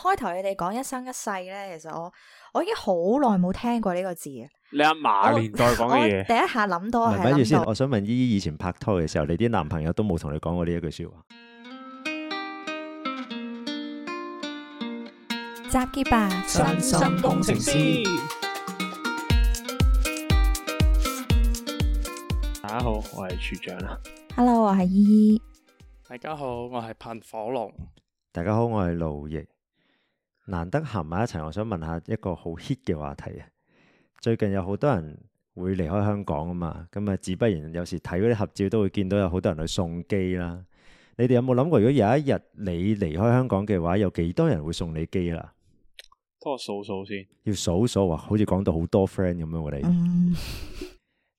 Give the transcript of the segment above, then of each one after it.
開頭你哋講一生一世咧，其實我我已經好耐冇聽過呢個字啊！你阿嫲年代講嘅嘢，第一下諗到係。咪住先，我想問姨姨，以前拍拖嘅時候，你啲男朋友都冇同你講過呢一句說話。集結吧，身心工程師。身心工程師大家好，我係處長啊。Hello，我係姨姨。大家好，我係噴火龍。大家好，我係盧易。難得行埋一齊，我想問下一個好 hit 嘅話題啊！最近有好多人會離開香港啊嘛，咁啊，自不然有時睇嗰啲合照都會見到有好多人去送機啦。你哋有冇諗過，如果有一日你離開香港嘅話，有幾多人會送你機啦？幫我數數先。要數數話，好似講到好多 friend 咁樣，我哋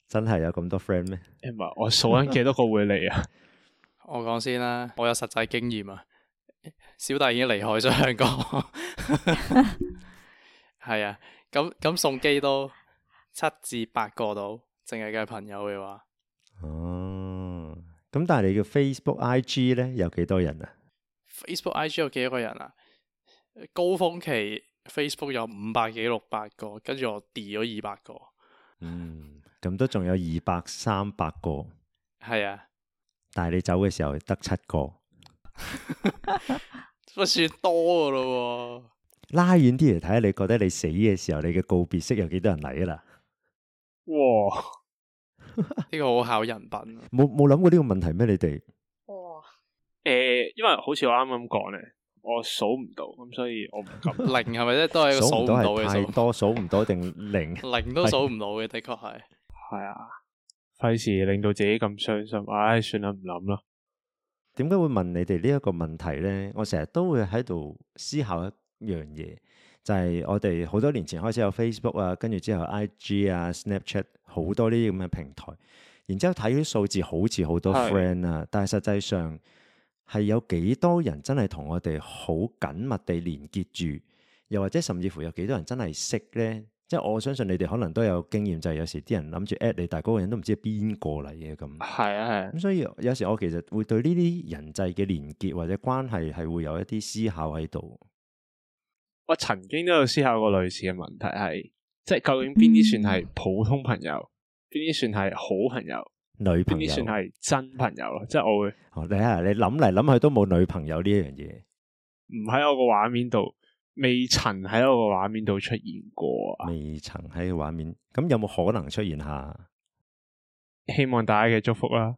真係有咁多 friend 咩？Emma，我數緊幾多個會嚟啊！ 我講先啦，我有實際經驗啊！小弟已經離開咗香港，係啊，咁咁送機都七至八個到，淨係嘅朋友嘅話。哦，咁但係你嘅 Facebook、IG 咧有幾多人啊？Facebook、IG 有幾多個人啊？高峰期 Facebook 有五百幾六百個，跟住我跌咗二百個。嗯，咁都仲有二百三百個。係啊的，但係你走嘅時候得七個。 不算多噶咯。啊，拉遠啲嚟睇下，你覺得你死嘅時候，你嘅告別式有幾多人嚟啊？啦，哇，呢 個好考人品。冇冇諗過呢個問題咩？你哋哇，誒、欸，因為好似我啱啱講咧，我數唔到，咁所以我唔敢。零係咪咧？都係 數唔到嘅。多數唔到定零？ 零都數唔到嘅，的確係。係 啊，費事令到自己咁傷心。唉、哎，算啦，唔諗啦。點解會問你哋呢一個問題呢？我成日都會喺度思考一樣嘢，就係、是、我哋好多年前開始有 Facebook 啊，跟住之後 IG 啊、Snapchat 好多呢啲咁嘅平台，然之後睇啲數字好似好多 friend 啊，是但係實際上係有幾多人真係同我哋好緊密地連結住，又或者甚至乎有幾多人真係識呢？即係我相信你哋可能都有經驗，就係、是、有時啲人諗住 at 你，但係嗰個人都唔知邊個嚟嘅咁。係啊係。咁、啊嗯、所以有時我其實會對呢啲人際嘅連結或者關係係會有一啲思考喺度。我曾經都有思考過類似嘅問題，係即係究竟邊啲算係普通朋友，邊啲、嗯、算係好朋友，女邊啲算係真朋友咯？即係我會你啊、哦，你諗嚟諗去都冇女朋友呢一樣嘢，唔喺我個畫面度。未曾喺我嘅畫面度出現過啊！未曾喺畫面，咁有冇可能出現下？希望大家嘅祝福啦。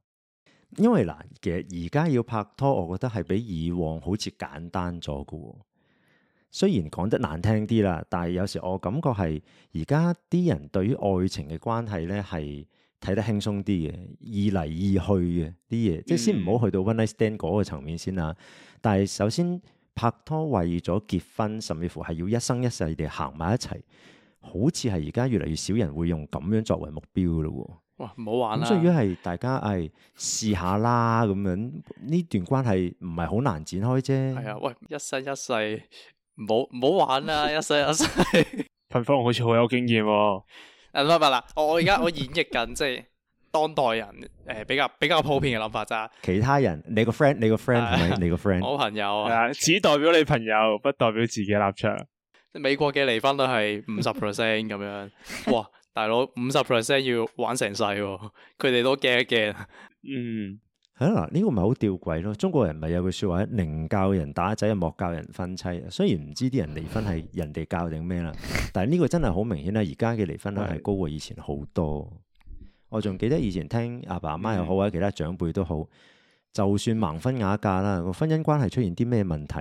因為嗱，其實而家要拍拖，我覺得係比以往好似簡單咗嘅。雖然講得難聽啲啦，但係有時我感覺係而家啲人對於愛情嘅關係咧，係睇得輕鬆啲嘅，易嚟易去嘅啲嘢，嗯、即係先唔好去到 one night stand 嗰個層面先啦。但係首先。拍拖為咗結婚，甚至乎係要一生一世地行埋一齊，好似係而家越嚟越少人會用咁樣作為目標咯喎。哇，唔好玩啦！咁所以係大家係、哎、試下啦，咁樣呢段關係唔係好難展開啫。係啊、哎，喂，一生一世，冇唔好玩啦，一生一世。芬 芳好似好有經驗、啊。誒、嗯，唔係啦，我而家我演繹緊即係。 當代人誒、呃，比較比較普遍嘅諗法咋？其他人，你個 friend，你個 friend 係咪、啊？係咪你個 friend 我朋友啊，只代表你朋友，不代表自己立場。美國嘅離婚率係五十 percent 咁樣，哇！大佬五十 percent 要玩成世，佢哋都驚一驚啦。嗯，係啦、啊，嗱，呢個咪好吊詭咯。中國人咪有句說話：寧教人打仔，莫教人分妻。雖然唔知啲人離婚係人哋教定咩啦，但係呢個真係好明顯啦。而家嘅離婚率係高過以前好多。我仲記得以前聽阿爸阿媽又好或者其他長輩都好，嗯、就算盲婚啞嫁啦，個婚姻關係出現啲咩問題，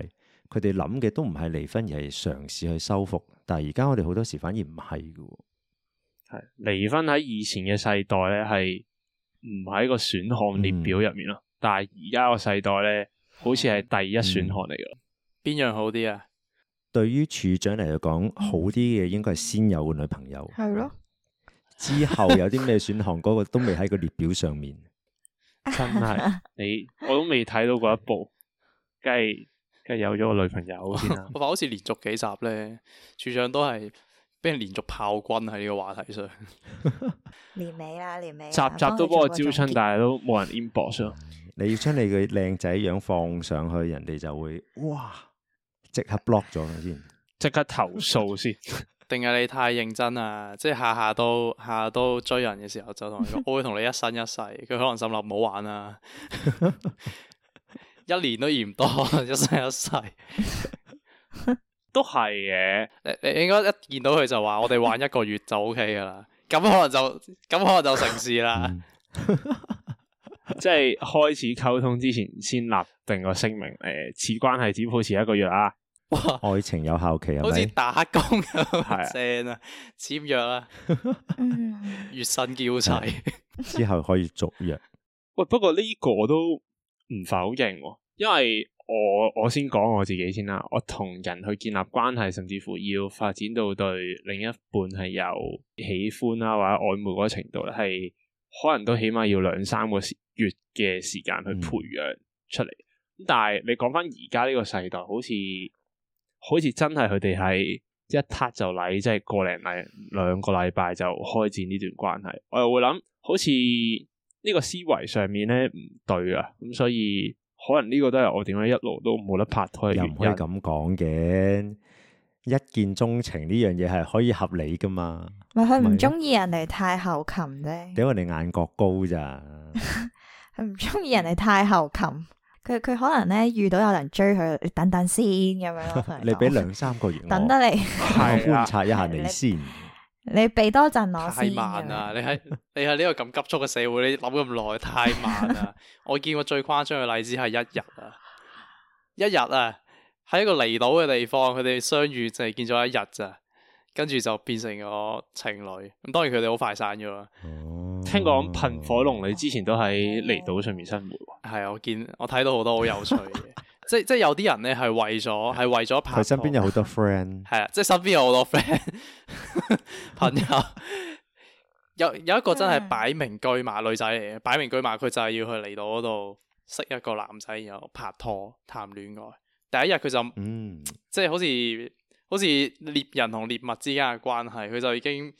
佢哋諗嘅都唔係離婚，而係嘗試去修復。但係而家我哋好多時反而唔係嘅。係離婚喺以前嘅世代咧，係唔喺個選項列表入面咯。嗯、但係而家個世代咧，好似係第一選項嚟嘅。邊樣、嗯、好啲啊？對於處長嚟講，好啲嘅應該係先有個女朋友。係咯。之後有啲咩選項嗰個都未喺個列表上面， 真係你我都未睇到過一部，梗係梗係有咗個女朋友先 我話好似連續幾集咧，處長都係俾人連續炮轟喺呢個話題上。連尾啦，連尾集集都幫我招親，但係都冇人 inbox。 你要將你嘅靚仔樣放上去，人哋就會哇，即刻 block 咗佢先，即刻 投訴先。 定係你太認真啊！即係下下都下下都追人嘅時候，就同佢講：我會同你一生一世。佢 可能心諗唔好玩啦， 一年都嫌多， 一生一世 都係嘅。你你應該一見到佢就話：我哋玩一個月就 OK 噶啦。咁 可能就咁可能就成事啦。 即係開始溝通之前，先立定個聲明。誒、呃，此關係只保持一個月啊！哇！愛情有效期啊，好似打工咁係啊，簽約啦，月薪叫齊之後可以續約。 喂，不過呢個我都唔否認、啊，因為我我先講我自己先啦。我同人去建立關係，甚至乎要發展到對另一半係有喜歡啦、啊，或者曖昧嗰個程度咧，係可能都起碼要兩三個月嘅時間去培養出嚟。咁、嗯、但係你講返而家呢個世代，好似～好似真係佢哋係一撻就禮，即係個零禮兩個禮拜就開展呢段關係，我又會諗好似呢個思維上面咧唔對啊，咁、嗯、所以可能呢個都係我點解一路都冇得拍拖，又唔可以咁講嘅。一見鍾情呢樣嘢係可以合理噶嘛？咪佢唔中意人哋太后擒啫，畀我哋眼角高咋？佢唔中意人哋太后擒。佢佢可能咧，遇到有人追佢，等等先咁樣咯。你俾兩 三個月，等得你， 啊、我觀察一下你先。你避多陣我先。太慢啦！你喺你喺呢個咁急速嘅社會，你諗咁耐太慢啦！ 我見過最誇張嘅例子係一日啊，一日啊，喺一個離島嘅地方，佢哋相遇就係見咗一日咋，跟住就變成咗情侶。咁當然佢哋好快散咗。Mm hmm. 聽講噴火龍，你之前都喺離島上面生活。Hmm. 係，我見我睇到好多好有趣嘅嘢， 即係即係有啲人咧係為咗係 為咗拍拖，佢身邊有好多 friend。係啊，即係身邊有好多 friend 朋友。有有一個真係擺明車馬女仔嚟嘅，擺明車馬，佢就係要去嚟到嗰度識一個男仔，然後拍拖談戀愛。第一日佢就，嗯，即係好似好似獵人同獵物之間嘅關係，佢就已經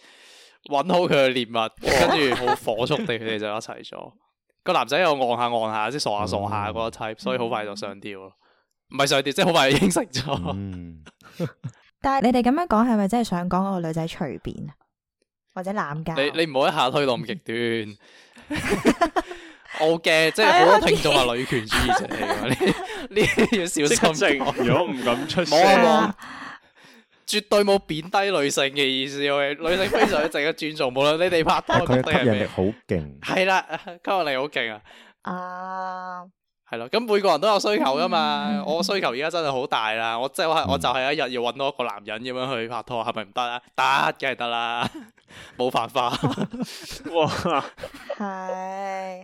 揾好佢嘅獵物，跟住好火速地佢哋就一齊咗。個男仔又按下按下，即係傻下傻下嗰個 type，所以好快就上吊咯，唔係上吊，即係好快就應承咗。 但係你哋咁樣講，係咪真係想講嗰個女仔隨便，或者濫交？你你唔好一下推到咁極端。Okay，即係好多聽眾係女權主義者， 你呢要小心。如果唔敢出聲。絕對冇貶低女性嘅意思，女性非常之值得尊重，無論你哋拍拖定係咩，吸引力好勁。係啦，吸引力好勁啊！啊，係咯，咁每個人都有需求噶嘛，我需求而家真係好大啦，我即係我，就係一日要揾到一個男人咁樣去拍拖，係咪唔得啊？得，梗係得啦，冇辦法。哇，係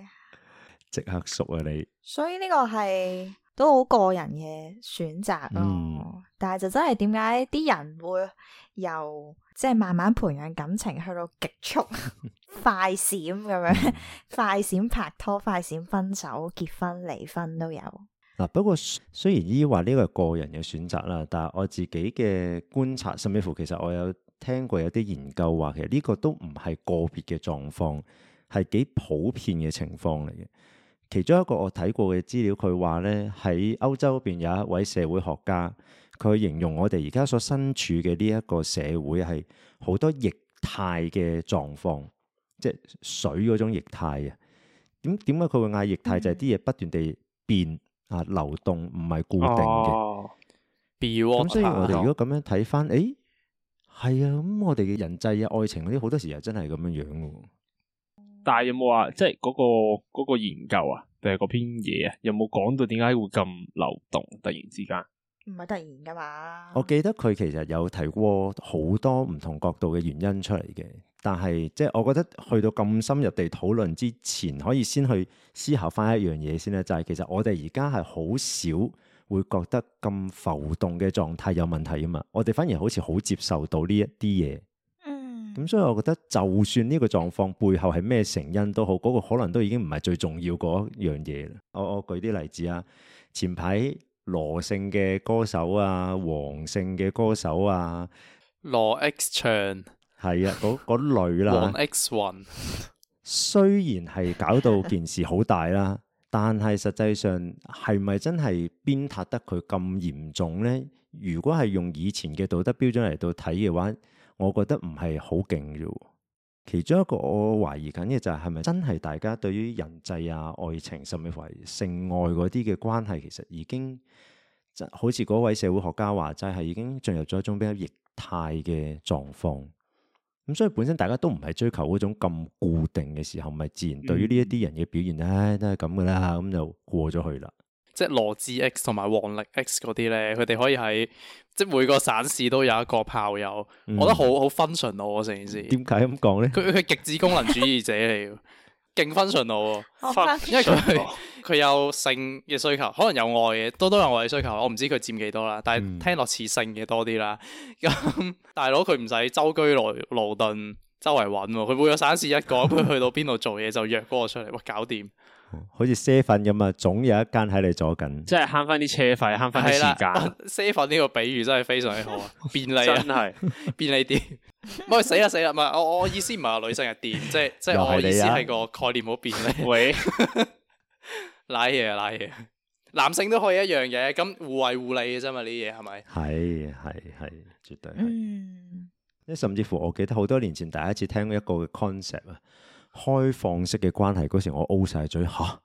即刻熟啊你！所以呢個係。都好個人嘅選擇咯，嗯、但係就真係點解啲人會由即係慢慢培養感情極，去到極速快閃咁樣， 快閃拍， 拍拖、快閃分手、結婚、離婚都有。嗱、啊，不過雖然依話呢個係個人嘅選擇啦，但係我自己嘅觀察，甚至乎其實我有聽過有啲研究話，其實呢個都唔係個別嘅狀況，係幾普遍嘅情況嚟嘅。其中一個我睇過嘅資料，佢話咧，喺歐洲嗰邊有一位社會學家，佢形容我哋而家所身處嘅呢一個社會係好多液態嘅狀況，即係水嗰種液態啊。點點解佢會嗌液態？嗯、就係啲嘢不斷地變啊，流動唔係固定嘅。比咁、哦、be water、所以我哋如果咁樣睇翻，誒係啊，咁我哋嘅人際啊、愛情嗰啲好多時又真係咁樣樣嘅。但係有冇話即係嗰個嗰個研究啊，定係嗰篇嘢啊，有冇講到點解會咁流動？突然之間，唔係突然噶嘛。我記得佢其實有提過好多唔同角度嘅原因出嚟嘅，但係即係我覺得去到咁深入地討論之前，可以先去思考翻一樣嘢先咧，就係其實我哋而家係好少會覺得咁浮動嘅狀態有問題啊嘛。我哋反而好似好接受到呢一啲嘢。咁、嗯、所以，我覺得就算呢個狀況背後係咩成因都好，嗰、嗰個可能都已經唔係最重要嗰樣嘢啦。我我舉啲例子啊，前排羅姓嘅歌手啊，黃姓嘅歌手啊，羅 X 唱係啊，嗰類啦、啊，黃 X 雲 1 雖然係搞到件事好大啦， 但係實際上係咪真係鞭撻得佢咁嚴重咧？如果係用以前嘅道德標準嚟到睇嘅話，我覺得唔係好勁嘅喎，其中一個我懷疑緊嘅就係係咪真係大家對於人際啊、愛情甚至乎性愛嗰啲嘅關係，其實已經好似嗰位社會學家話齋，係已經進入咗一種比較液態嘅狀況。咁所以本身大家都唔係追求嗰種咁固定嘅時候，咪自然對於呢一啲人嘅表現咧、嗯哎、都係咁噶啦，咁、嗯嗯嗯、就過咗去啦。即係羅志 X 同埋王力 X 嗰啲咧，佢哋可以喺即係每個省市都有一個炮友，我覺得好好 functional 啊，成件事。點解咁講咧？佢佢極致功能主義者嚟，勁 functional、啊， 因為佢佢有性嘅需求，可能有愛嘅，多都，都有愛嘅需求，我唔知佢佔幾多，多啦。但係聽落似性嘅多啲啦。咁大佬佢唔使周居勞勞頓，周圍揾，佢每個省市一個，佢 去到邊度做嘢就約嗰個出嚟，哇，搞掂。好似 Seven 咁啊，總有一間喺你左近，即係慳翻啲車費，慳翻啲時間。Seven 呢個比喻真係非常之好 啊，真的 便利真係便利店。唔係死啦死啦，唔係我意我意思唔係女性嘅店，即係即係我意思係個概念好便利。喂、 啊，賴嘢啊賴嘢，男性都可以一樣嘢咁互惠互利嘅啫嘛，呢嘢係咪？係係係，絕對係。即係 甚至乎，我記得好多年前第一次聽一個 concept 啊。開放式嘅關係，嗰時我，我 O 晒嘴嚇，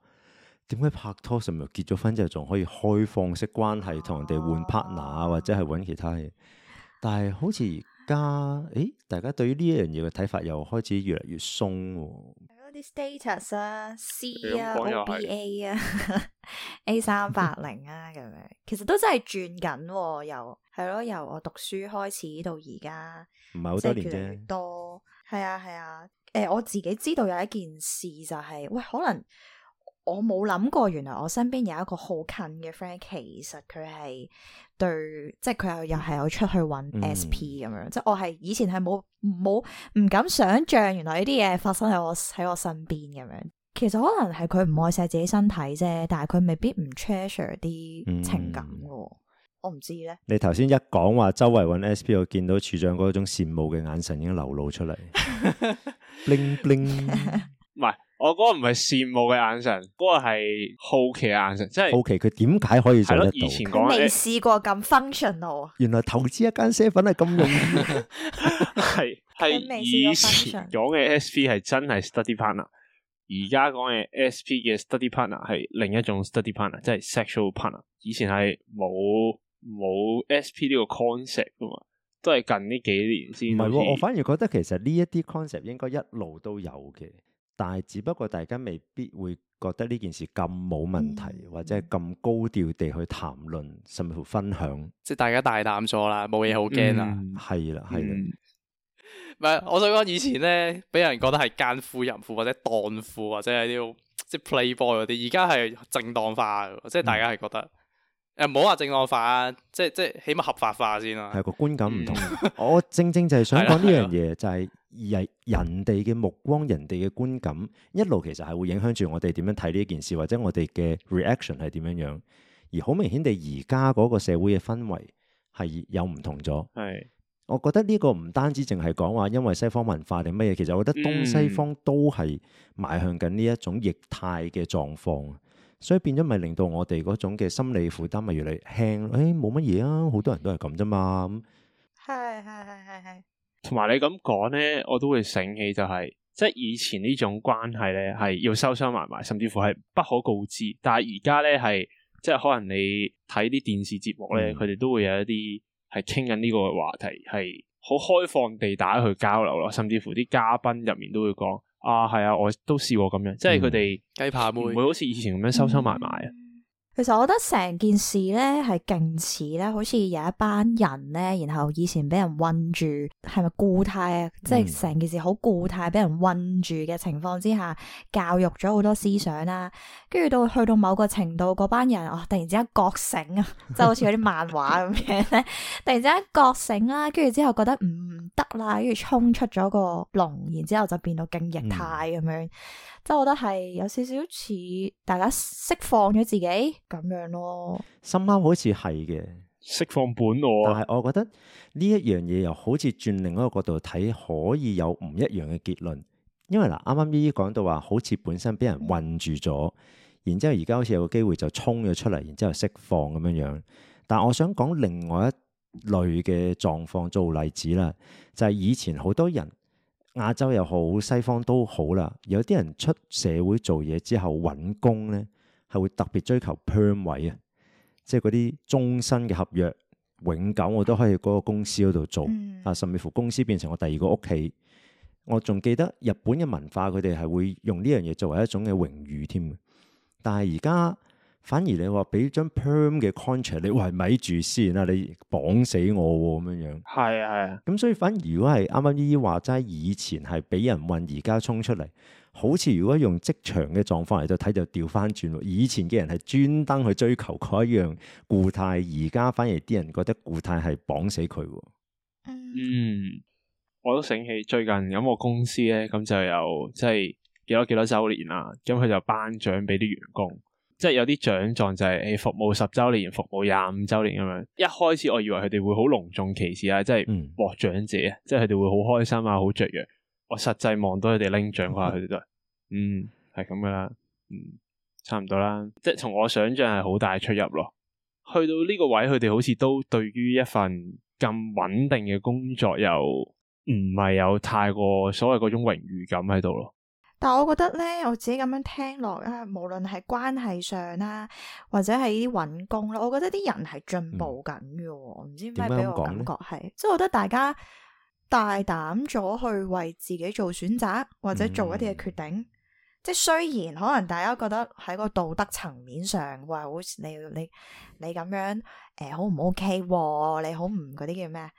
點解拍拖成日結咗婚之後仲可以開放式關係同人哋換 partner 啊，或者係揾其他嘢。但係好似而家，誒大家對於呢一樣嘢嘅睇法又開始越嚟越鬆喎。係啲 status 啊，C 啊 B A 啊，A 三八零啊，咁、 啊、樣其實都真係轉緊喎、啊。又係咯，由我讀書開始到而家，唔係好多年啫，多係啊係啊。誒、呃，我自己知道有一件事就係、是，喂，可能我冇諗過，原來我身邊有一個好近嘅 friend，其實佢係對，即係佢又又係有出去揾 S P 咁樣，即係我係以前係冇冇唔敢想象，原來呢啲嘢發生喺我喺我身邊咁樣。其實可能係佢唔愛惜自己身體啫，但係佢未必唔 treasure 啲情感嘅，嗯、我唔知咧。你頭先一講話周圍揾 S P，我見到處長嗰種羨慕嘅眼神已經流露出嚟。 令令唔係我個唔係羨慕嘅眼神，嗰個係好奇嘅眼神，即係好奇佢點解可以做得到，以前講未試過咁 functional 啊，原來投資一間 se 粉係咁容易係。係以前講嘅 SP 係真係 study partner，而家講嘅 SP 嘅 study partner 係另一種 study partner，即係 sexual partner。以前係冇冇 SP 呢個 concept 噶嘛都係近呢幾年先。唔係，我反而覺得其實呢一啲 concept 應該一路都有嘅，但係只不過大家未必會覺得呢件事咁冇問題，嗯、或者係咁高調地去談論，甚至乎分享。即係大家大膽咗啦，冇嘢好驚啦。係啦、嗯，係啦。唔係、嗯，我想講以前咧，俾人覺得係奸夫淫婦或者蕩婦或者係呢種即係 playboy 嗰啲，而家係正當化嘅，即係大家係覺得、嗯。誒，唔好話正當化，啊、即係即係起碼合法化先咯，啊。係個觀感唔同，嗯、 我正正就係想講呢樣嘢，就係人人哋嘅目光，人哋嘅觀感，一路其實係會影響住我哋點樣睇呢一件事，或者我哋嘅 reaction 係點樣樣。而好明顯地，而家嗰個社會嘅氛圍係有唔同咗。係的，我覺得呢個唔單止淨係講話因為西方文化定乜嘢，其實我覺得東西方都係邁向緊呢一種液態嘅狀況。嗯所以變咗咪令到我哋嗰種嘅心理負擔咪越嚟越輕，誒，冇乜嘢啊，好多人都係咁啫嘛。係係係係係。同埋你咁講咧，我都會醒起就係、是，即係以前呢種關係咧，係要收收埋埋，甚至乎係不可告知。但係而家咧係，即係可能你睇啲電視節目咧，佢哋、嗯、都會有一啲係傾緊呢個話題，係好開放地大家去交流咯，甚至乎啲嘉賓入面都會講。啊，係啊，我都試過咁樣，嗯、即係佢哋雞扒會唔會好似以前咁樣收收埋埋啊。嗯其實我覺得成件事咧，係勁似咧，好似有一班人咧，然後以前俾人困住，係咪固態啊？嗯、即係成件事好固態，俾人困住嘅情況之下，教育咗好多思想啦、啊。跟住到去到某個程度，嗰班人啊， 突然之間覺醒啊，就好似嗰啲漫畫咁樣咧，突然之間覺醒啦，跟住之後覺得唔得啦，跟住衝出咗個籠，然之後就變到勁液態咁樣。嗯嗯即係我覺得係有少少似大家釋放咗自己咁樣咯、啊，心啱好似係嘅釋放本我，但係我覺得呢一樣嘢又好似轉另一個角度睇，可以有唔一樣嘅結論。因為嗱，啱啱依依講到話，好似本身俾人困住咗，嗯，然之後而家好似有個機會就衝咗出嚟，然之後釋放咁樣樣。但係我想講另外一類嘅狀況做例子啦，就係、是、以前好多人。亞洲又好，西方都好啦。有啲人出社會做嘢之後揾工呢，係會特別追求 perm 位啊，即係嗰啲終身嘅合約，永久我都可以喺嗰個公司嗰度做啊，嗯、甚至乎公司變成我第二個屋企。我仲記得日本嘅文化，佢哋係會用呢樣嘢作為一種嘅榮譽添。但係而家。反而你話俾張 perm 嘅 contract，你話咪住先啦，你綁死我咁、喎、樣樣。係啊係啊，咁所以反而如果係啱啱依依話齋，以前係俾人運，而家衝出嚟，好似如果用職場嘅狀況嚟到睇就調翻轉。以前嘅人係專登去追求嗰一樣固態，而家反而啲人覺得固態係綁死佢、喎。嗯，我都醒起最近有個公司咧，咁就有即係幾多幾多周年啦，咁佢就頒獎俾啲員工。即係有啲獎狀就係誒、服務十週年、服務廿五週年咁樣。一開始我以為佢哋會好隆重其事啊，即係獲獎者，嗯、即係佢哋會好開心啊、好雀躍。我實際望到佢哋拎獎嘅話佢哋都係嗯係咁噶啦，嗯，嗯差唔多啦。即係同我想象係好大出入咯。去到呢個位，佢哋好似都對於一份咁穩定嘅工作，又唔係有太過所謂嗰種榮譽感喺度咯。但我覺得咧，我自己咁樣聽落咧，無論係關係上啦，或者係啲搵工啦，我覺得啲人係進步緊嘅喎。點、嗯、樣講咧？唔知點解畀我感覺係，即係我覺得大家大膽咗去為自己做選擇，或者做一啲嘅決定。嗯、即係雖然可能大家覺得喺個道德層面上話好似你你你咁樣誒、呃、好唔 OK、哦、你好唔嗰啲叫咩誒、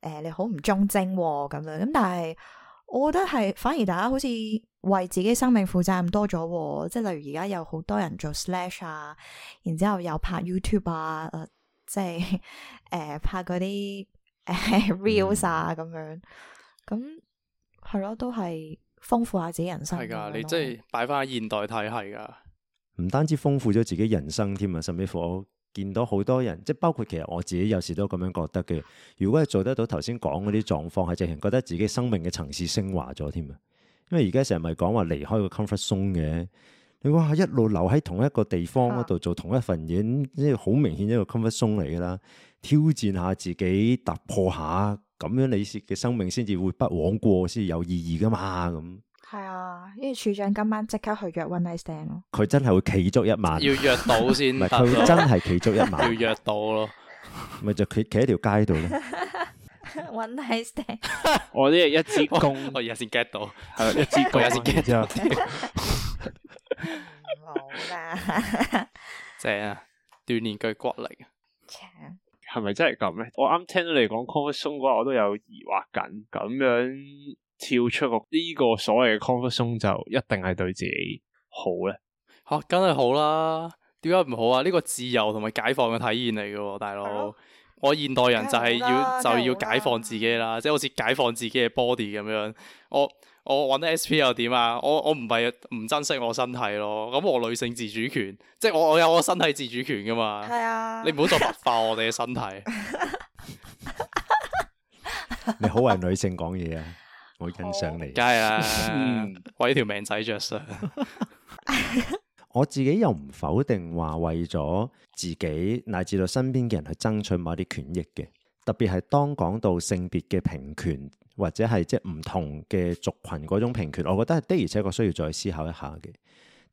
呃、你好唔忠貞喎咁樣咁，但係我覺得係反而大家好似，為自己生命負責任多咗，即係例如而家有好多人做 Slash 啊，然之後又拍 YouTube 啊，呃呃呃，即係誒拍嗰啲誒 Reels 啊咁樣，咁係咯，都係豐富下自己人生。係噶，你即係擺翻喺現代體系噶。唔單止豐富咗自己人生添啊，甚至乎我見到好多人，即係包括其實我自己有時都咁樣覺得嘅。如果係做得到頭先講嗰啲狀況，係直情覺得自己生命嘅層次升華咗添啊。因為而家成日咪講話離開個 comfort zone 嘅，你話一路留喺同一個地方嗰度做同一份嘢，啊、即係好明顯一個 comfort zone 嚟噶啦。挑戰下自己，突破下，咁樣你嘅生命先至會不枉過，先有意義噶嘛。咁係啊，因為處長今晚即刻去約 One Night Stand 咯。佢真係會企足一晚。要約到先。唔係， 佢真係企足一晚。 要約到咯，咪 就企喺條街度咧。 one night stand 我呢係一支公，我而家先 get 到，係咪一支公？而家先 get 好冇啊，姐啊，鍛煉佢骨力。係咪真係咁咧？我啱聽到你講 comfort zone 嗰下，我都有疑惑緊。咁樣跳出個呢、這個所謂嘅 c o comfort zone，就一定係對自己好咧？吓，梗係好啦。點解唔好啊？呢、啊這個自由同埋解放嘅體驗嚟嘅，大佬。 我現代人就係要就要解放自己啦，即係好似解放自己嘅 body 咁樣。我我揾 SP 又點啊？我我唔係唔珍惜我身體咯。咁我女性自主權，即係我我有我身體自主權噶嘛。係啊。你唔好再物化我哋嘅身體。 你好為女性講嘢啊！我欣賞你好。梗係啦，為條命仔着想。我自己又唔否定話為咗自己乃至到身邊嘅人去爭取某啲權益嘅，特別係當講到性別嘅平權或者係即係唔同嘅族群嗰種平權，我覺得係的而且確需要再思考一下嘅。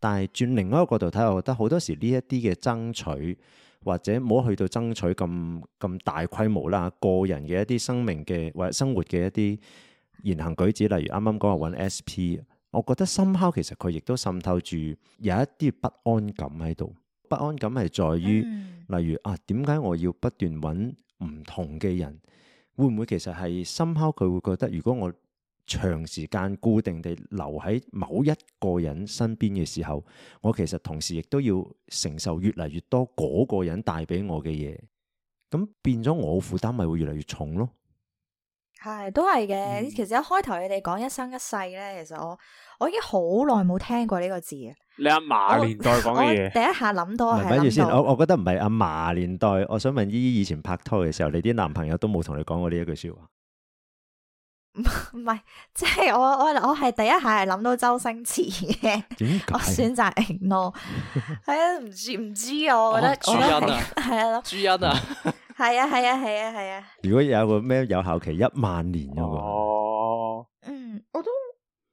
但係轉另一個角度睇，我覺得好多時呢一啲嘅爭取或者冇去到爭取咁咁大規模啦，個人嘅一啲生命嘅或者生活嘅一啲言行舉止，例如啱啱講話揾 S.P。我覺得深拋其實佢亦都滲透住有一啲不安感喺度，不安感係在於，嗯、例如啊，點解我要不斷揾唔同嘅人？會唔會其實係深拋佢會覺得，如果我長時間固定地留喺某一個人身邊嘅時候，我其實同時亦都要承受越嚟越多嗰個人帶俾我嘅嘢，咁變咗我負擔咪會越嚟越重咯？係，都係嘅。其實一開頭你哋講一生一世咧，其實我我已經好耐冇聽過呢個字啊。你阿嫲年代講嘅嘢，我我第一下諗到，到。諗住先，我我覺得唔係阿嫲年代。我想問姨姨，以前拍拖嘅時候，你啲男朋友都冇同你講過呢一句說話。唔係， 即、就、係、是、我我我係第一下係諗到周星馳嘅。點解？我選擇 no、 哎。係啊，唔知唔知啊，我覺得、哦。朱茵啊。係啊， 朱茵啊。 係啊，係啊，係啊，係啊！啊啊啊啊，如果有個咩有效期一萬年嗰個哦，嗯，我都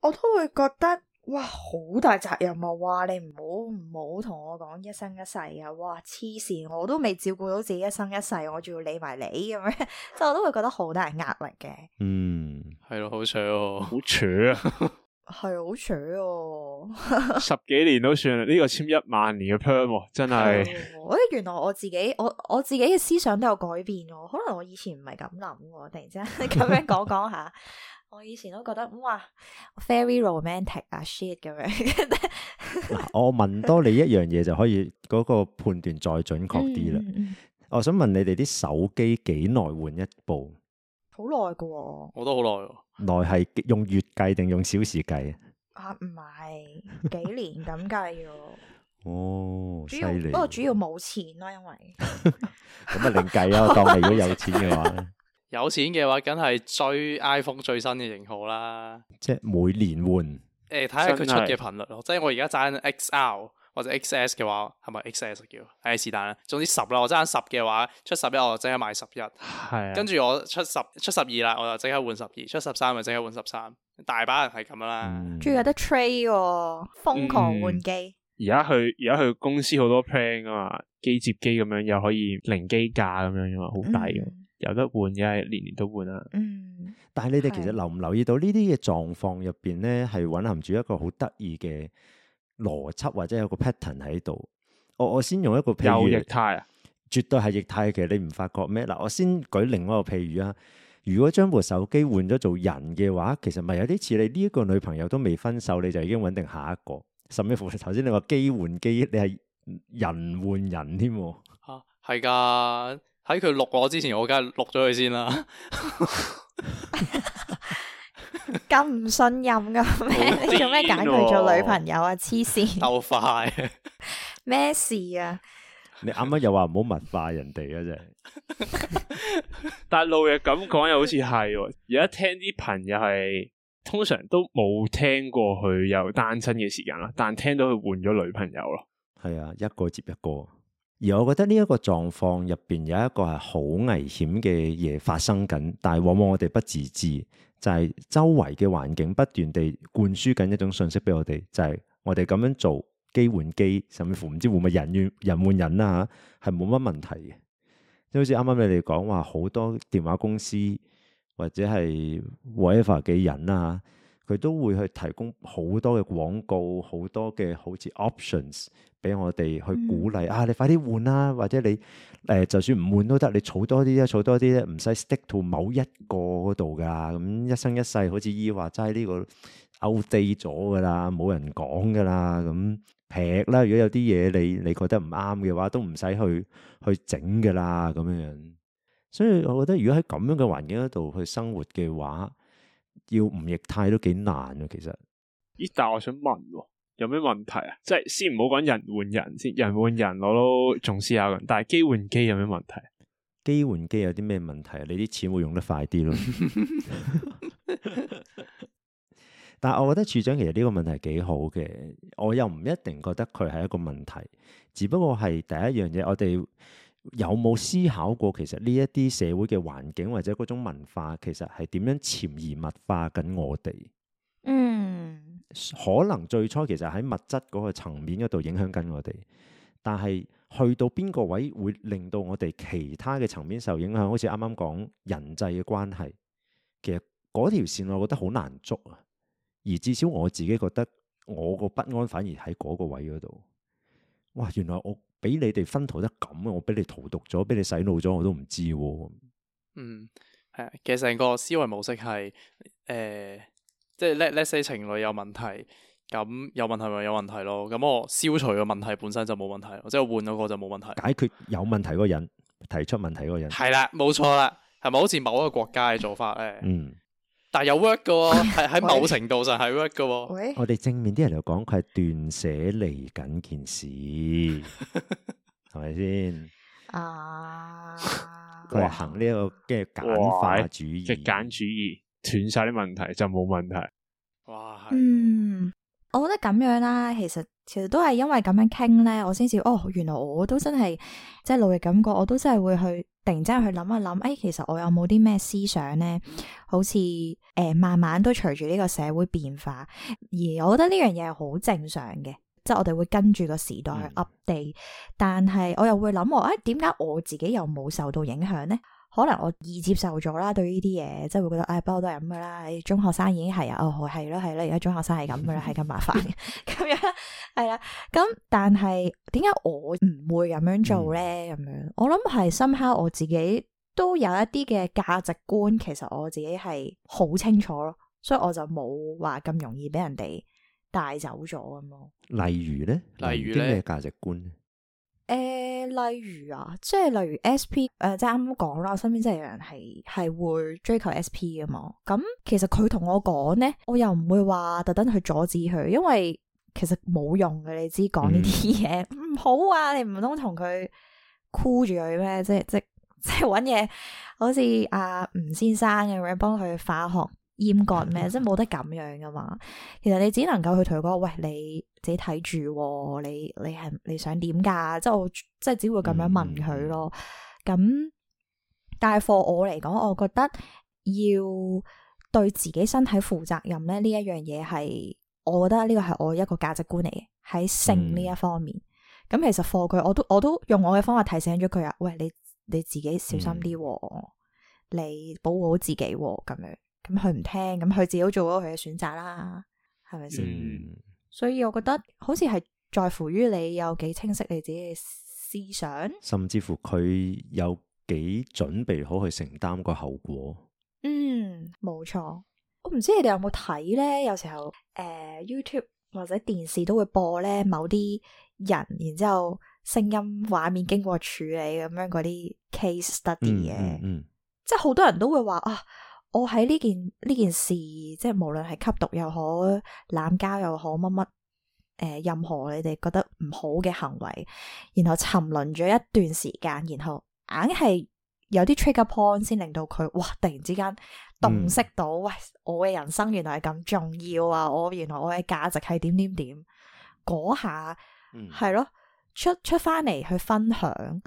我都會覺得哇好大責任啊！哇你唔好唔好同我講一生一世啊！哇黐線，我都未照顧到自己一生一世，我仲要理埋你咁、啊、樣， 所以我都會覺得好大壓力嘅。嗯，係咯、啊，好扯，好扯啊！帥 係好 short、啊、 十幾年都算啦。呢、這個簽一萬年嘅 perm，真係。我原來我自己我我自己嘅思想都有改變，可能我以前唔係咁諗嘅，突然之間你咁樣講講下， 我以前都覺得哇 very romantic shit, 啊 shit 咁樣。嗱，我問多你一樣嘢 就可以嗰個判斷再準確啲啦。嗯、我想問你哋啲手機幾耐換一部？好耐噶，哦、我都好耐。耐係用月計定用小時計啊？吓唔係幾年咁計 哦。主要不過，主要冇錢咯，因為咁啊另計啦。我當係如果有錢嘅話，有錢嘅話，梗係追 iPhone 最新嘅型號啦。即係每年換。誒，睇下佢出嘅頻率咯。即係我而家揸 XR 或者 XS 嘅話係咪 XS 叫？係是但啦。總之十啦，我爭十嘅話出十一是、啊，我就即刻買十一。係。跟住我出十出十二啦，我就即刻換十二。出十三咪即刻換十三。大把人係咁啦。仲有得 trade，瘋狂換機。而家去而家去公司好多 plan 噶嘛，機接機咁樣又可以零機價咁樣啊嘛，好抵。嗯、有得換嘅係年年都換啦。嗯，但係你哋其實留唔留意到呢啲嘅狀況入邊咧，係蘊含住一個好得意嘅。邏輯或者有個 pattern 喺度，我我先用一個譬如，液態絕對係液態。其實你唔發覺咩？嗱，我先舉另外一個譬如啊，如果將部手機換咗做人嘅話，其實咪有啲似你呢一個女朋友都未分手，你就已經搵定下一個。甚至乎，頭先你話機換機，你係人換人添？啊，係噶，喺佢錄我之前，我梗係錄咗佢先啦。 咁唔信任噶咩？你做咩揀佢做女朋友啊？黐線，夠快咩、啊、 事啊？你啱啱又話唔好物化人哋嘅啫，但老爺咁講又好似係。而家聽啲朋友係通常都冇聽過佢有單身嘅時間咯，但聽到佢換咗女朋友咯。係啊，一個接一個。而我覺得呢一個狀況入邊有一個係好危險嘅嘢發生緊，但係往往我哋不自知。就係周圍嘅環境不斷地灌輸緊一種信息俾我哋，就係、是、我哋咁樣做機換機，甚至乎唔知會唔會人換人換人啦、啊、嚇，係冇乜問題嘅。即好似啱啱你哋講話，好多電話公司或者係 WiFi 嘅人啊。佢都會去提供好多嘅廣告，好多嘅好似 options 俾我哋去鼓勵、嗯、啊！你快啲換啦，或者你誒、呃、就算唔換都得，你儲多啲啦，儲多啲咧，唔使 stick to 某一個嗰度噶啦。咁一生一世好似依話齋呢個 outdate 咗噶啦，冇人講噶啦。咁劈啦，如果有啲嘢你你覺得唔啱嘅話，都唔使去去整噶啦。咁樣樣，所以我覺得如果喺咁樣嘅環境嗰度去生活嘅話，要吳亦泰都幾難啊，其實。咦？但我想問，有咩問題啊？即係先唔好講人換人先，人換人我都仲試下。但係機換機有咩問題？機換機有啲咩問題啊？你啲錢會用得快啲咯。 但係我覺得處長其實呢個問題係幾好嘅，我又唔一定覺得佢係一個問題，只不過係第一樣嘢我哋。有冇思考過其實呢一啲社會嘅環境或者嗰種文化，其實係點樣潛移默化緊我哋？嗯，可能最初其實喺物質嗰個層面嗰度影響緊我哋，但係去到邊個位會令到我哋其他嘅層面受影響？好似啱啱講人際嘅關係，其實嗰條線我覺得好難捉啊！而至少我自己覺得我個不安反而喺嗰個位嗰度。哇！原來我～俾你哋分圖得咁，我俾你荼毒咗，俾你洗腦咗，我都唔知，啊。嗯，係啊，其實成個思維模式係，誒、呃，即係 Let's say 情侶有問題，咁有問題咪有問題咯。咁我消除個問題本身就冇問題，我即係換嗰個就冇問題。解決有問題嗰個人，提出問題嗰個人，係啦，冇錯啦，係咪好似某一個國家嘅做法咧？嗯。但有 work 嘅喎、哦，係喺 某程度上係 work 嘅喎、哦。 喂我哋正面啲人嚟講佢係斷捨離緊件事，係咪先？啊，佢係行呢個即簡化主義，即係哇簡主義，斷晒啲問題就冇問題。哇，嗯，我覺得咁樣啦、啊，其實。其實都係因為咁樣傾咧，我先至哦，原來我都真係即係類似感覺，我都真係會去突然之間去諗一諗，誒，哎，其實我有冇啲咩思想咧，好似誒，呃，慢慢都隨住呢個社會變化，而我覺得呢樣嘢係好正常嘅，即係我哋會跟住個時代去 update，嗯，但係我又會諗我誒，哎，點解我自己又冇受到影響呢？可能我易接受咗啦，對呢啲嘢，即係會覺得，唉、哎，不過都係咁噶啦。中學生已經係啊，哦，係咯係咯，而家中學生係咁噶啦，係咁麻煩嘅，咁樣係啦。咁但係點解我唔會咁樣做咧？咁樣，嗯，我諗係深刻我自己都有一啲嘅價值觀，其實我自己係好清楚咯，所以我就冇話咁容易俾人哋帶走咗咁咯。例如咧，例如咧，啲咩價值觀？誒、呃，例如啊，即係例如 S.P. 誒、呃，即係啱啱講啦，我身邊真係有人係係會追求 S.P. 噶嘛，咁其實佢同我講咧，我又唔會話特登去阻止佢，因為其實冇用嘅，你知講呢啲嘢唔好啊，你唔通同佢箍住佢咩？即係即即係搵嘢，好似阿、啊、吳先生咁樣幫佢化學。閹割咩？即係冇得咁樣噶嘛。其實你只能夠去同佢講，喂，你自己睇住，你你係你想點噶即係我即係只會咁樣問佢咯。咁、嗯、但係對我嚟講，我覺得要對自己身體負責任咧，呢一樣嘢係我覺得呢個係我一個價值觀嚟嘅，喺性呢一方面，咁、嗯、其實對佢我都我都用我嘅方法提醒咗佢啊。喂，你你自己小心啲，嗯、你保護好自己咁樣。咁佢唔聽，咁佢自己做咗佢嘅選擇啦，係咪先？嗯、所以我覺得好似係在乎於你有幾清晰你自己嘅思想，甚至乎佢有幾準備好去承擔個後果。嗯，冇錯。我唔知你哋有冇睇呢？有時候誒、呃、YouTube 或者電視都會播呢某啲人，然之後聲音、畫面經過處理咁樣嗰啲 case study 嘢，嗯嗯嗯、即係好多人都會話啊。我喺呢件呢件事，即係無論係吸毒又好、濫交又好乜乜，誒、呃，任何你哋覺得唔好嘅行為，然後沉淪咗一段時間，然後硬係有啲 trigger point，先令到佢哇，突然之間洞悉到，嗯、喂，我嘅人生原來係咁重要啊，我原來我嘅價值係點點點，嗰下係、嗯、咯，出出翻嚟去分享，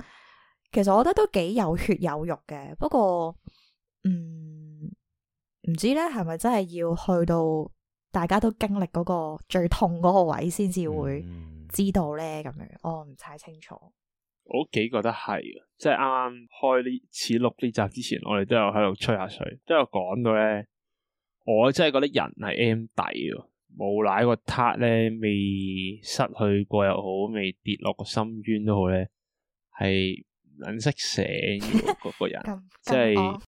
其實我覺得都幾有血有肉嘅，不過，嗯。唔知咧，係咪真係要去到大家都經歷嗰個最痛嗰個位，先至會知道咧？咁樣、嗯哦、我唔太清楚。我幾覺得係即係啱啱開呢次錄呢集之前，我哋都有喺度吹下水，都有講到咧。我真係覺得人係 M 底喎，冇瀨個塔咧，未失去過又好，未跌落個深淵都好咧，係唔識醒嗰個人， 跟即係是。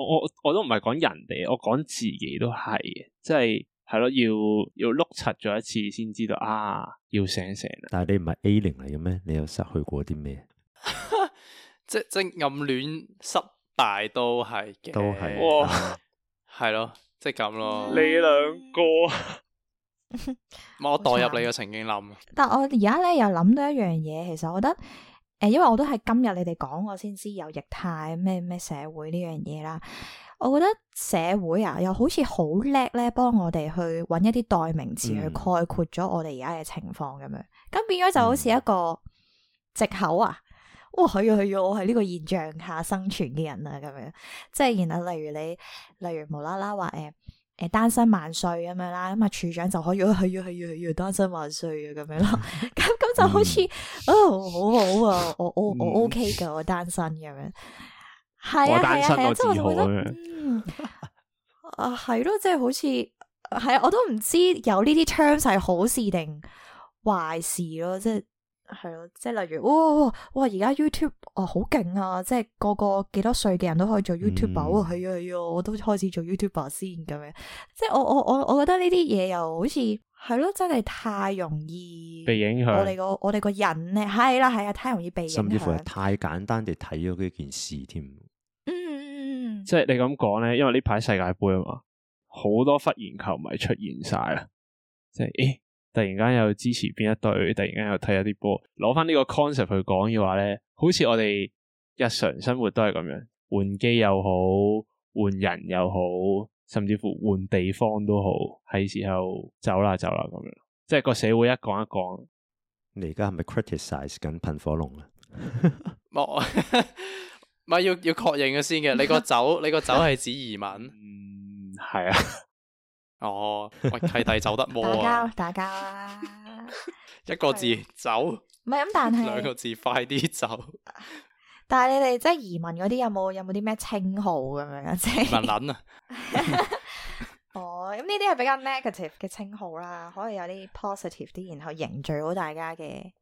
我我都唔係講人哋，我講自己都係嘅，即係係咯，要要碌柒咗一次先知道啊，要醒醒。但係你唔係 A 零嚟嘅咩？你又失去過啲咩 ？即即暗戀失敗都係嘅，都係，係咯，即係咁咯。你兩兩個 我代入你嘅情境諗差，但係我而家咧又諗到一樣嘢，其實我覺得。誒，因為我都係今日你哋講，我先知有液態咩咩社會呢樣嘢啦。我覺得社會啊，又好似好叻咧，幫我哋去搵一啲代名詞去概括咗我哋而家嘅情況咁樣，咁變咗就好似一個藉口啊。哇，可以可以，我喺呢個現象下生存嘅人啊，咁樣，即係然後例如你，例如無啦啦話誒。誒，單身萬歲咁樣啦，咁啊處長就可以去去去去單身萬歲啊，咁樣咯，咁咁就好似、嗯、哦，好好啊，我我我、嗯、OK 噶，我單身咁樣，係啊，啊，單身、啊、我，我自豪咁樣，嗯、 啊係咯，即係、就是、好似係，我都唔知有呢啲 terms 好事定壞事咯，即、就、係、是。係咯，即係例如，哦、哇哇而家 YouTube 啊、哦、好勁啊，即係個個幾多歲嘅人都可以做 YouTuber，係啊係、嗯、啊，我都開始做 YouTuber 先咁樣。即係我我我我覺得呢啲嘢又好似係咯，真係太，太容易被影響。我哋個我哋個人咧係啦係啊，太容易被甚至乎係太簡單地睇咗呢件事添。嗯嗯嗯。即係你咁講咧，因為呢排世界杯啊嘛，好多忽然球迷出現晒啦，即係誒。欸突然間又支持邊一隊，突然間又睇咗啲波，攞翻呢個 concept 去講嘅話咧，好似我哋日常生活都係咁樣，換機又好，換人又好，甚至乎換地方都好，係時候走啦走啦咁樣，即係個社會一講一講，啊。 你而家係咪 criticise 緊噴火龍啊？冇，咪要要確認嘅先嘅，你個走你個走係指移民？嗯，係啊。哦，喂，契弟走得冇打交架，打交啊！一個字走，唔係咁，但係兩個字快啲走但。但係你哋即係移民嗰啲有冇有冇啲咩稱號咁樣啊？即係文諗啊？哦，咁呢啲係比較 negative 嘅稱號啦，可以有啲 positive 啲，然後凝聚好大家嘅。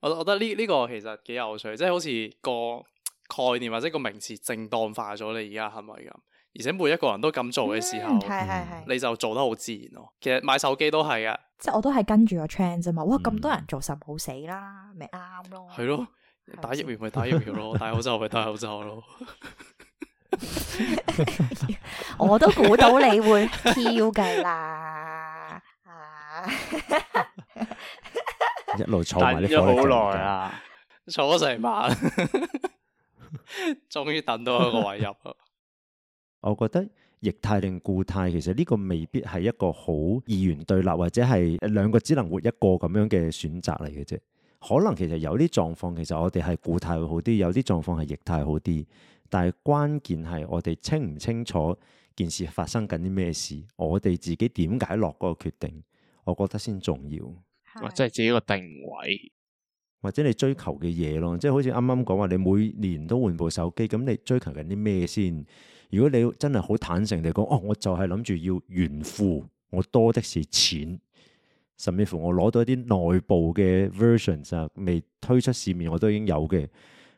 我我覺得呢呢、呢個其實幾有趣，即係好似個概念或者個名詞正當化咗你而家係咪咁？而且每一個人都咁做嘅時候，嗯、你就做得好自然咯。其實買手機都係啊，即係我都係跟住個 trend 咋嘛。哇，咁多人做實好死啦，咪啱咯。係咯，了是是打疫苗咪打疫苗咯，戴口罩咪戴口罩咯。 我都估到你會跳㗎啦，一路坐埋啲咗好耐啊，坐咗成晚，終於等到一個位入啊！ 我覺得液態定固態，其實呢個未必係一個好二元對立，或者係兩個只能活一個咁樣嘅選擇嚟嘅啫。可能其實有啲狀況，其實我哋係固態會好啲，有啲狀況係液態好啲。但係關鍵係我哋清唔清楚件事發生緊啲咩事，我哋自己點解落嗰個決定，我覺得先重要。或者係自己個定位，或者你追求嘅嘢咯。即係好似啱啱講話，你每年都換部手機，咁你追求緊啲咩先？如果你真係好坦誠地講，哦，我就係諗住要炫富，我多的是錢，甚至乎我攞到一啲內部嘅 version 啊，未推出市面，我都已經有嘅，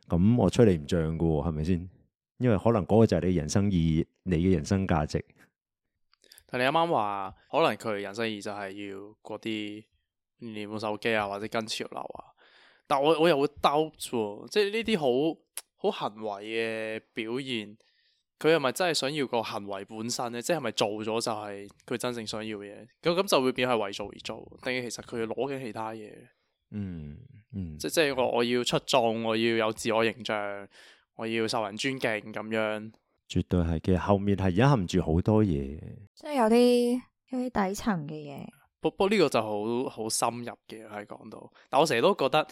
咁我出嚟唔漲嘅，係咪先？因為可能嗰個就係你人生意義，你嘅人生價值。但你啱啱話，可能佢人生意義就係要嗰啲換部手機啊，或者跟潮流啊，但我我又會兜 u p 即係呢啲好好行為嘅表現。佢係咪真係想要個行為本身咧？即係咪做咗就係佢真正想要嘅嘢？咁咁就會變係為做而做，定係其實佢攞緊其他嘢、嗯？嗯嗯，即即係我我要出眾，我要有自我形象，我要受人尊敬咁樣。絕對係，嘅。其實後面係隱含住好多嘢，即係有啲有啲底層嘅嘢。不不呢個就好好深入嘅喺講到，但我成日都覺得。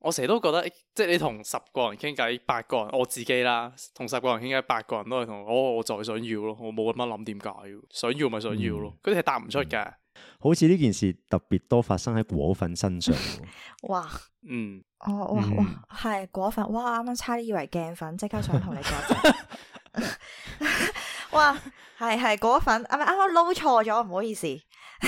我成日都覺得，欸、即係你同十個人傾偈，八個人，我自己啦，同十個人傾偈，八個人都係同我，我再想要咯，我冇乜諗點解，想要咪想要咯，佢哋係答唔出嘅、嗯。好似呢件事特別多發生喺果粉身上。 哇！嗯，哦，哇哇，係果粉，哇，啱啱差啲以為鏡粉，即刻想同你講。 哇，係係果粉，啊啱啱撈錯咗，唔好意思，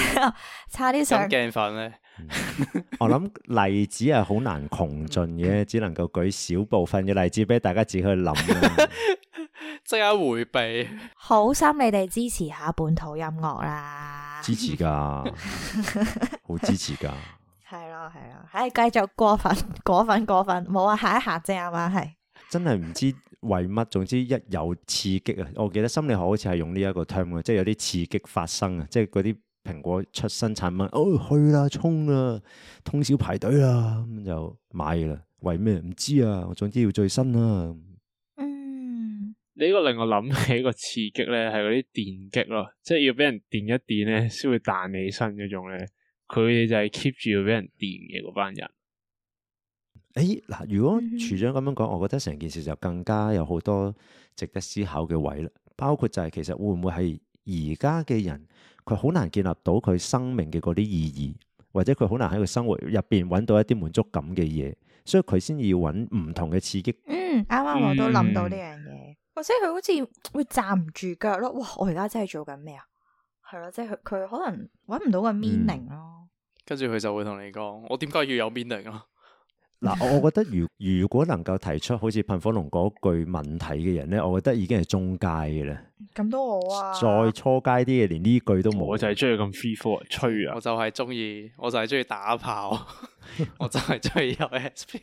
差啲想上。咁鏡粉咧？ 我諗例子係好難窮盡嘅，只能夠舉少部分嘅例子俾大家自己去諗。即 刻回避，好心你哋支持下本土音樂啦，支持噶，好 支持噶，係咯， 係咯，唉，繼續過分，過分，過分，冇啊，下一下啫，啱唔啱？係真係唔知為乜，總之一有刺激啊！我記得心理學好似係用呢一個 term，即係有啲刺激發生啊，即係嗰啲。蘋果出新產品，哦去啦，衝啦，通宵排隊啦，咁就買嘢啦。為咩唔知啊？我總之要最新啦。嗯，呢個令我諗起個刺激咧，係嗰啲電擊咯，即係要俾人電一電咧，先會彈起身嗰種咧。佢哋就係 keep 住要俾人電嘅嗰班人。誒，嗱，如果處長咁樣講，我覺得成件事就更加有好多值得思考嘅位啦。包括就係其實會唔會係而家嘅人？佢好難建立到佢生命嘅嗰啲意義，或者佢好難喺佢生活入邊揾到一啲滿足感嘅嘢，所以佢先要揾唔同嘅刺激。嗯，啱啱我都諗到呢樣嘢，嗯、或者佢好似會站唔住腳咯。哇！我而家真係做緊咩啊？係咯，即係佢佢可能揾唔到個 meaning 咯，跟住佢就會同你講：我點解要有 meaning 咯？嗱， 我覺得如如果能夠提出好似噴火龍嗰句問題嘅人咧，我覺得已經係中階嘅啦。咁都好啊！ 再初階啲嘅連呢句都冇。 我就係中意咁 t h r 吹啊！我就係中意， 我就係中意打炮，我就係中意有 SP。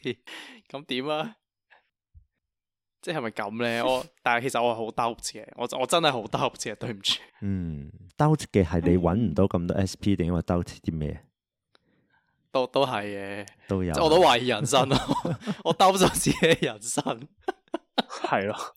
咁 點啊？即係咪咁咧？ 我但係其實我係好兜住嘅，我我真係好兜住啊！對唔住。 嗯，兜嘅係你揾唔到咁多 SP，定係因為兜啲咩？都都係嘅，都有，即我都懷疑人生咯， 我兜咗自己人生，係 咯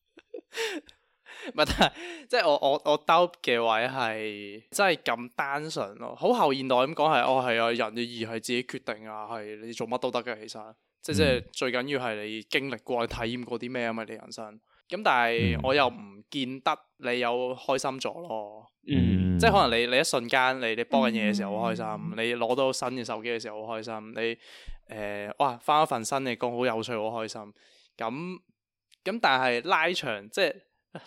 是的， 唔係但係即係我我我兜嘅位係真係咁單純咯，好後現代咁講係，哦係啊人嘅意義係自己決定啊，係你做乜都得嘅，其實即係即係最緊要係你經歷過、你體驗過啲咩啊嘛，你人生。咁、嗯、但係我又唔見得你有開心咗咯，嗯，即係可能你你一瞬間你你幫緊嘢嘅時候好開、嗯、開心，你攞到，呃、新嘅手機嘅時候好開心，你誒哇翻一份新嘅工好有趣好開心，咁、嗯、咁但係拉長即係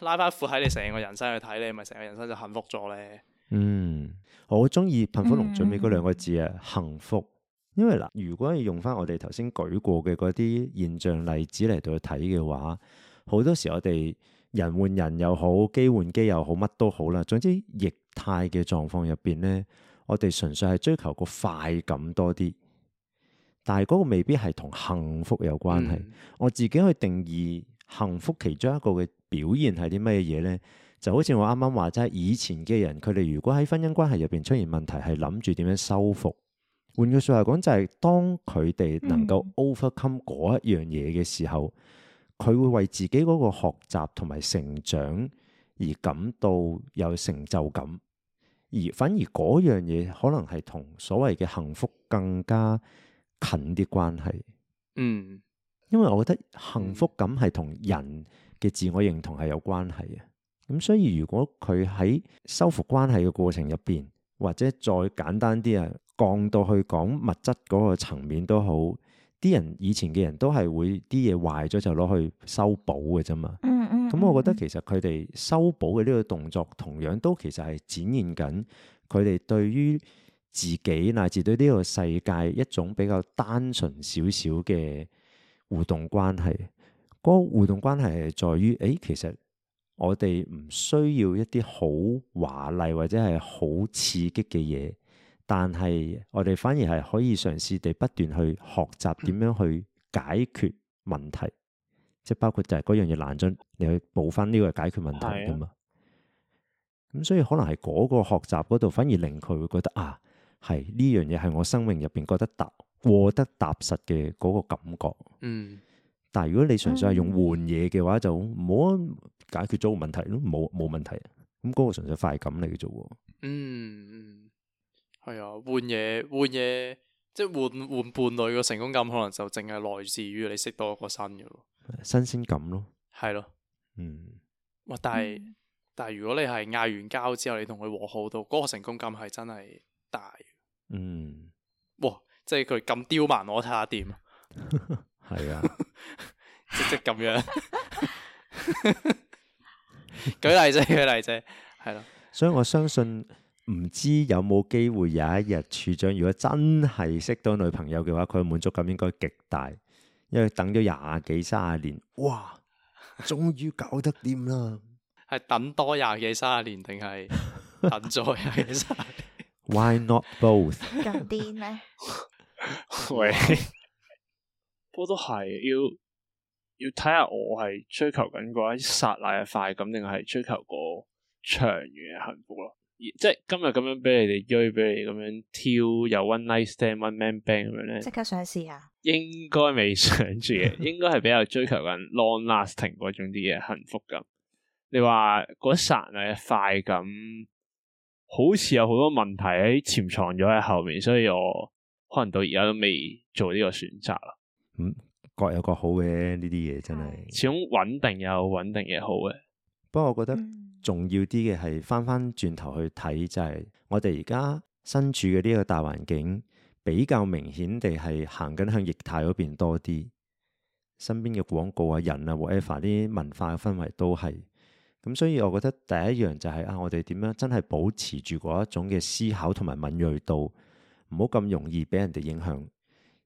拉翻闊喺你成個人生去睇，你咪成個人生就幸福咗咧。嗯，我好中意貧苦龍最尾嗰兩個字啊，嗯、幸福。因為嗱，如果係用翻我哋頭先舉過嘅嗰啲現象例子嚟到去睇嘅話。好多時我哋人換人又好，機換機又好，乜都好啦。總之液態嘅狀況入邊咧，我哋純粹係追求個快感多啲。但係嗰個未必係同幸福有關係。嗯、我自己去定義幸福其中一個嘅表現係啲乜嘢咧？就好似我啱啱話齋，以前嘅人佢哋如果喺婚姻關係入邊出現問題，係諗住點樣修復？換句說話講，就係、是、當佢哋能夠 overcome 嗰一、嗯、樣嘢嘅時候。佢會為自己嗰個學習同埋成長而感到有成就感，而反而嗰樣嘢可能係同所謂嘅幸福更加近啲關係。嗯，因為我覺得幸福感係同人嘅自我認同係有關係嘅。咁所以如果佢喺修復關係嘅過程入邊，或者再簡單啲啊，降到去講物質嗰個層面都好。啲人以前嘅人都係會啲嘢壞咗就攞去修補嘅啫嘛。嗯嗯，咁、嗯、我覺得其實佢哋修補嘅呢個動作，同樣都其實係展現緊佢哋對於自己乃至對呢個世界一種比較單純少少嘅互動關係，嗰個互動關係係在於誒、欸、其實，我哋唔需要一啲好華麗或者係好刺激嘅嘢。但係我哋反而係可以嘗試地不斷去學習點樣去解決問題，嗯、即係包括就係嗰樣嘢爛咗，你去補翻呢個解決問題噶、嗯、嘛。咁、嗯、所以可能係嗰個學習嗰度，反而令佢會覺得啊，係呢樣嘢係我生命入邊覺得踏過得踏實嘅嗰個感覺。嗯。但係如果你純粹係用換嘢嘅話，就冇、啊、解決咗問題咯，冇冇問題。咁嗰、嗰個純粹快感嚟嘅啫。嗯嗯。係啊，換嘢換嘢，即係換換伴侶嘅成功感，可能就淨係來自於你識多一個新嘅新鮮感咯，係咯，嗯，哇！但係但係，如果你係嗌完交之後，你同佢和好到，嗰、嗰個成功感係真係大的，嗯，哇！即係佢咁刁蠻，我睇下掂，係 啊， 即係咁樣 舉，舉例啫，舉例啫，係咯，所以我相信。唔知有冇機會有一日處長，如果真係識到女朋友嘅話，佢滿足感應該極大，因為等咗廿幾卅年，哇，終於搞得掂啦！係 等多廿幾卅年，定係等咗廿幾卅年 ？Why not both？咁癲咩？喂，不過都係要要睇下我係追求緊個一剎那嘅快感，定係追求個長遠嘅幸福咯。即係今日咁樣俾你哋追，俾你咁樣跳，有 one night stand、one man bang 咁樣咧，即刻想試下？應該未想住嘅， 應該係比較追求緊 long lasting 嗰種啲嘢幸福感。你話嗰剎嘅快感，好似有好多問題喺潛藏咗喺後面，所以我可能到而家都未做呢個選擇咯。咁、嗯、各有各好嘅呢啲嘢真係，始終穩定有穩定嘅好嘅。不過、嗯、我覺得、嗯。重要啲嘅係翻翻轉頭去睇，就係我哋而家身處嘅呢個大環境比較明顯地係行緊向液態嗰邊多啲，身邊嘅廣告啊、人啊、whatever 啲文化嘅氛圍都係，咁所以，我覺得第一樣就係啊，我哋點樣真係保持住嗰一種嘅思考同埋敏銳度，唔好咁容易俾人哋影響。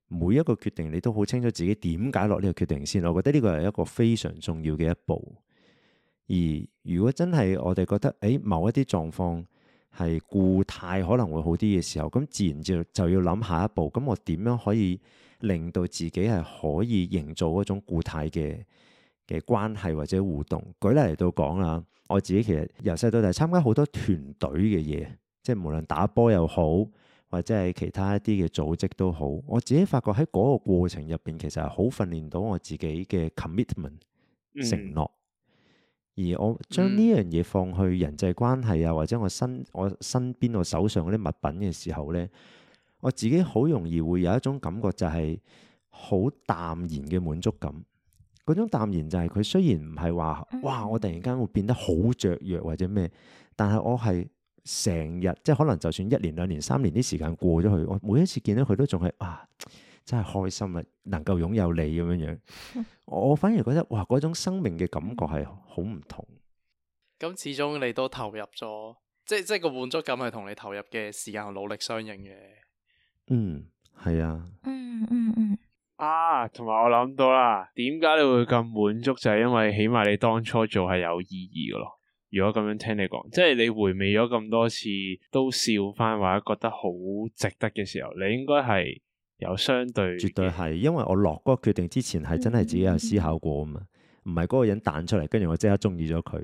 每一個決定，你都好清楚自己點解落呢個決定先。我覺得呢個係一個非常重要嘅一步。而如果真係我哋覺得，誒、欸、某一啲狀況係固態可能會好啲嘅時候，咁自然就就要諗下一步，咁我點樣可以令到自己係可以營造嗰種固態嘅嘅關係或者互動？舉例嚟到講啦，我自己其實由細到大參加好多團隊嘅嘢，即係無論打波又好，或者係其他一啲嘅組織都好，我自己發覺喺嗰個過程入邊，其實係好訓練到我自己嘅 commitment 承諾。嗯而我將呢樣嘢放去人際關係啊，或者我身我身邊、我手上嗰啲物品嘅時候呢，我自己好容易會有一種感覺，就係好淡然嘅滿足感。嗰種淡然就係佢雖然唔係話哇，我突然間會變得好雀躍或者咩，但係我係成日即係可能就算一年、兩年、三年啲時間過咗去，我每一次見到佢都仲係啊。真係開心啊！能夠擁有你咁樣樣，我反而覺得哇，嗰種生命嘅感覺係好唔同。咁始終你都投入咗，即係即係個滿足感係同你投入嘅時間同努力相應嘅。嗯啊嗯。嗯，係、嗯、啊。嗯嗯嗯。啊，同埋我諗到啦，點解你會咁滿足？就係、是、因為起碼你當初做係有意義嘅咯。如果咁樣聽你講，即係你回味咗咁多次都笑翻或者覺得好值得嘅時候，你應該係。有相對絕對係，因為我落嗰個決定之前係真係自己有思考過啊嘛，唔係嗰個人彈出嚟，跟住我即刻中意咗佢，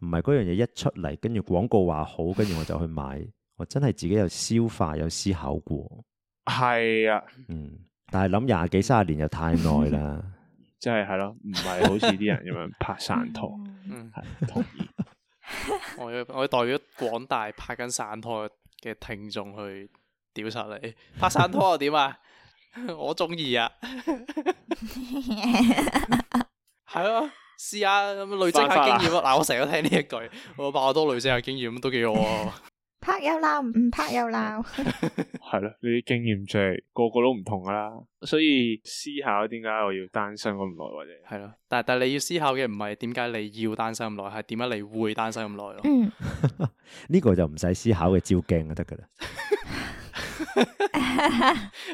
唔係嗰樣嘢一出嚟，跟住廣告話好，跟住我就去買， 我真係自己有消化有思考過。係啊，嗯，但係諗廿幾三十年又太耐啦，即係係咯，唔係好似啲人咁樣拍散拖，同意。 我要我要代表廣大拍緊散拖嘅聽眾去屌殺你，拍散拖又點啊？ 我中喜意歡啊， 係咯，試下累積下經驗咯。嗱， 我成日都聽呢一句，我怕我多累積下經驗都幾好啊。 拍又鬧，唔拍又鬧，係 咯。你啲經驗就係個個都唔同噶啦。所以思考點解我要單身咁耐或者係咯，但係但係你要思考嘅唔係點解你要單身咁耐，係點解你會單身咁耐咯？嗯，呢 個就唔使思考嘅，照鏡就得噶啦。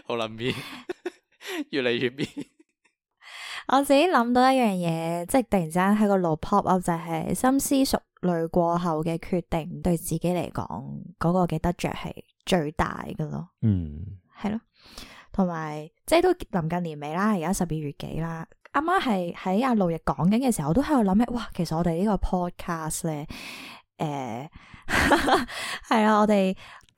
好難變，越嚟越變。我自己諗到一樣嘢，即、就、係、是、突然之間喺個腦 pop up，就係深思熟慮過後嘅決定，對自己嚟講嗰個嘅得着係最大嘅咯。嗯、mm. 係咯，同埋即係都臨近年尾啦，而家十二月幾啦。啱啱係喺阿路易講緊嘅時候，我都喺度諗起：「哇，其實我哋呢個 podcast 咧，誒、欸，係 啦，我哋。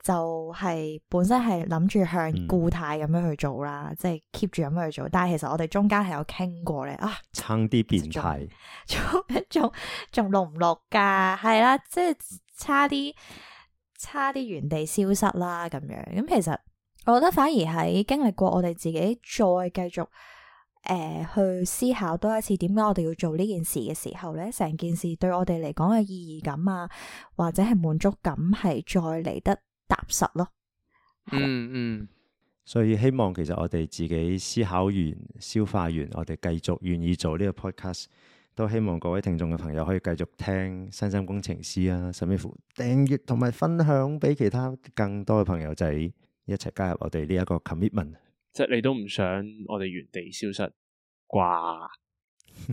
就係本身係諗住向固態咁樣去做啦，嗯、即係 keep 住咁樣去做。但係其實我哋中間係有傾過咧啊，差啲變態，仲仲仲錄唔錄㗎？係啦，即係差啲差啲原地消失啦。咁樣咁其實我覺得反而喺經歷過我哋自己再繼續誒、呃、去思考多一次點解我哋要做呢件事嘅時候咧，成件事對我哋嚟講嘅意義感啊，或者係滿足感係再嚟得。踏實咯，嗯嗯、嗯，所以希望其實我哋自己思考完、消化完，我哋繼續願意做呢個 podcast，都希望各位聽眾嘅朋友可以繼續聽《身心工程師》啊，甚至乎訂閱同埋分享俾其他更多嘅朋友仔一齊加入我哋呢一個 commitment，即係你都唔想我哋原地消失啩？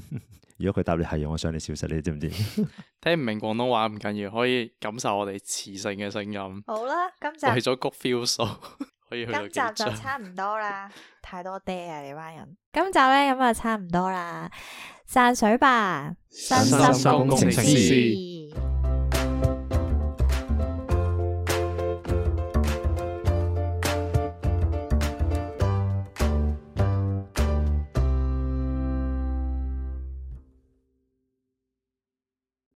如果佢答你係用，我上你少食你知唔知？ 聽唔明廣東話唔緊要，可以感受我哋磁性嘅聲音。好啦，今集為咗谷 feel 數，so, 可以去到今集就差唔多啦， 太多爹啊！你班人，今集咧咁就差唔多啦，散水吧，身心工程師。